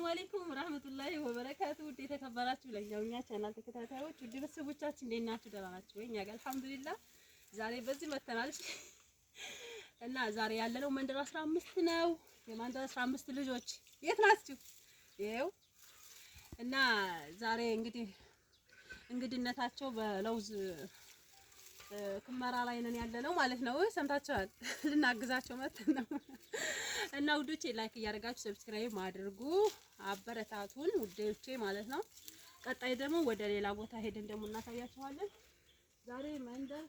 ሰላም አለይኩም ረህመቱላሂ ወበረካቱ። ውድ የተከበራችሁ ለእኛ ቻናል ተከታታዮች ውድ ቤተሰቦቻችን እንዴት ናችሁ? ደህና ናችሁ ወይ? እኛ ጋር አልሐምዱሊላህ ዛሬ በዚህ መተናል እና ዛሬ ያለነው መንደር አስራ አምስት ነው። የመንደር አስራ አምስት ልጆች የት ናችሁ? ይኸው እና ዛሬ እንግዲህ እንግድነታቸው በለውዝ ክመራ ላይ ነን ያለ ነው ማለት ነው። ሰምታችኋል። ልናግዛቸው መተን ነው እና ውዶቼ ላይክ እያደረጋችሁ ሰብስክራይብ አድርጉ፣ አበረታቱን ውዴዎቼ ማለት ነው። ቀጣይ ደግሞ ወደ ሌላ ቦታ ሄደን ደግሞ እናሳያችኋለን። ዛሬ መንደር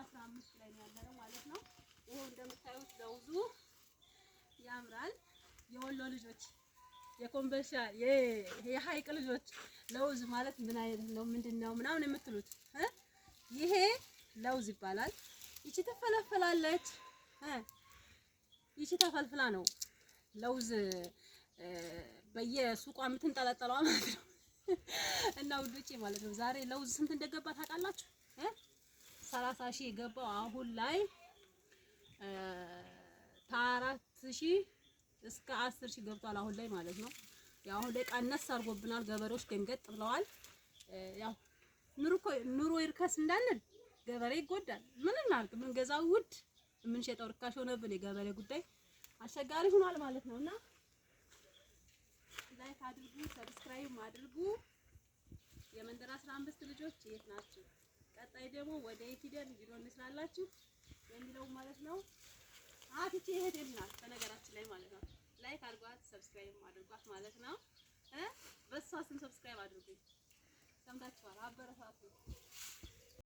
አስራ አምስት ላይ ነው ያለነው ማለት ነው። ይሄው እንደምታዩት ለውዙ ያምራል። የወሎ ልጆች የኮምቦልቻ የሀይቅ ልጆች ለውዝ ማለት ምን አይነት ነው ምንድን ነው ምናምን የምትሉት እ ለውዝ ይባላል። ይቺ ትፈለፈላለች። ይቺ ተፈልፍላ ነው ለውዝ በየሱቋ የምትንጠለጠለው ማለት ነው። እና ውዶቼ ማለት ነው ዛሬ ለውዝ ስንት እንደገባ ታውቃላችሁ? ሰላሳ ሺህ የገባው አሁን ላይ ከአራት ሺህ እስከ አስር ሺህ ገብቷል አሁን ላይ ማለት ነው። ያው አሁን ላይ ቀነስ አድርጎብናል። ገበሬዎች ደንገጥ ብለዋል። ያው ኑሮ ኑሮ ይርከስ እንዳንል ገበሬ ይጎዳል። ምንም ምን የምንገዛው ውድ የምንሸጠው ርካሽ ሆነብን። የገበሬ ጉዳይ አስቸጋሪ ሆኗል ማለት ነው እና ላይክ አድርጉ፣ ሰብስክራይብ አድርጉ። የመንደር 15 አምስት ልጆች የት ናችሁ? ቀጣይ ደግሞ ወደ የት ሂደን ቪዲዮ እንስራላችሁ የሚለው ማለት ነው። አትቼ ይሄድ ይልናል በነገራችን ላይ ማለት ነው። ላይክ አድርጓት፣ ሰብስክራይብ አድርጓት ማለት ነው። በእሷ ስም ሰብስክራይብ አድርጉ። ሰምታችኋል፣ አበረታቱ።